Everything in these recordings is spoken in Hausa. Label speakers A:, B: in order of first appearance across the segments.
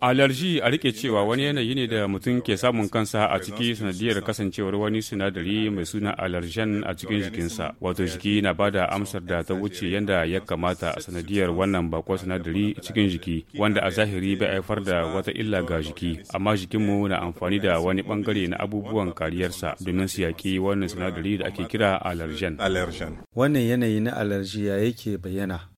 A: Alerji a rike cewa wani yanayi ne da mutum ke samun kansa a ciki sanadiyar kasancewar wani sinadari mai suna alerjan a cikin jikinsa. Wato jiki na ba da amsar da ta wuce yadda ya kamata a sanadiyar wannan bakon sinadari cikin jiki wanda a zahiri bai haifar da wata illa ga jiki. Amma jikinmu na amfani da wani bangare na abubuwan kariyarsa domin su yaki wannan sinadari da ake kira alerjan.
B: Wannan yanayi na alerjiya yake bayyana.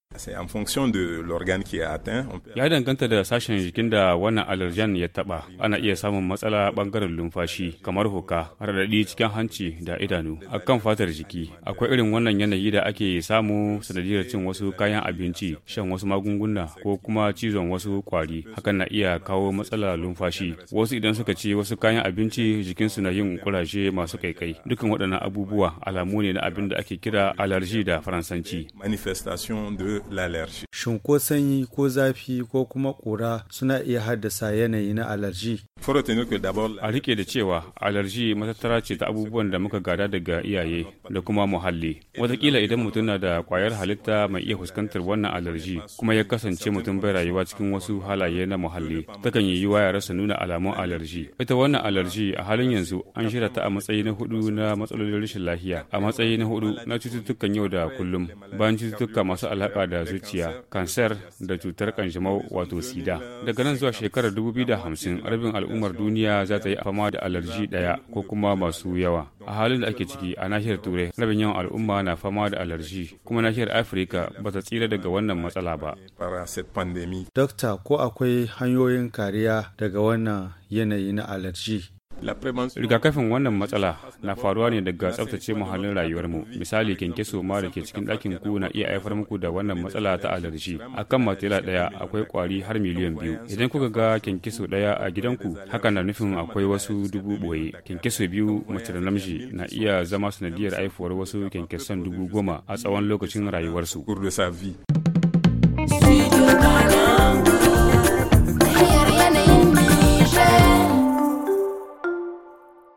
A: Ya danganta da sashen jikin da wannan alerjan ya taba. Ana iya samun matsala bangaren lumfashi kamar hoka, raɗaɗi cikin hanci da idanu. akan fatar jiki, akwai irin wannan yanayi da ake samu sanadiyar cin wasu kayan abinci, shan wasu magunguna ko kuma cizon wasu kwari. Hakan na iya kawo matsala lumfashi. Wasu idan suka ci wasu kayan abinci jikinsu na yin kuraje masu kaikai. Dukan waɗannan abubuwa alamu ne na abin da ake kira alerji da Faransanci. Manifestation de
B: lalarshi. Shin ko sanyi ko zafi ko kuma ƙura suna iya haddasa yanayi na alarji?
A: a rike da cewa alarji matattara ce ta abubuwan da muka gada daga iyaye da kuma muhalli watakila idan mutum na da kwayar halitta mai iya fuskantar wannan alarji kuma ya kasance mutum bai rayuwa cikin wasu halaye na muhalli ta kan yi ya rasa nuna alamun alarji ita wannan alarji a halin yanzu an shirya ta a matsayi na hudu na matsalolin rashin lafiya a matsayi na hudu na cututtukan yau da kullum bayan cututtuka masu alaka da zuciya kansar da cutar kanjamau wato sida daga nan zuwa shekarar 2050 rabin al'umma al'ummar duniya za ta yi fama da alarji ɗaya ko kuma masu yawa a halin da ake ciki a nahiyar turai rabin yawan al'umma na fama da alarji kuma nahiyar afirka ba ta tsira daga wannan matsala ba
B: dokta ko akwai hanyoyin kariya daga wannan yanayi na alarji
A: rigakafin wannan matsala na faruwa ne daga tsaftace muhallin rayuwarmu misali kyankyaso ma da ke cikin ɗakin ku na iya haifar muku da wannan matsala ta alarji akan matela ɗaya akwai kwari har miliyan biyu idan kuka ga kyankyaso ɗaya a gidanku hakan na nufin akwai wasu dubu ɓoye kyankyaso biyu mace da namiji na iya zama sanadiyar haifuwar wasu kyankyason dubu goma a tsawon lokacin rayuwarsu.
C: Studio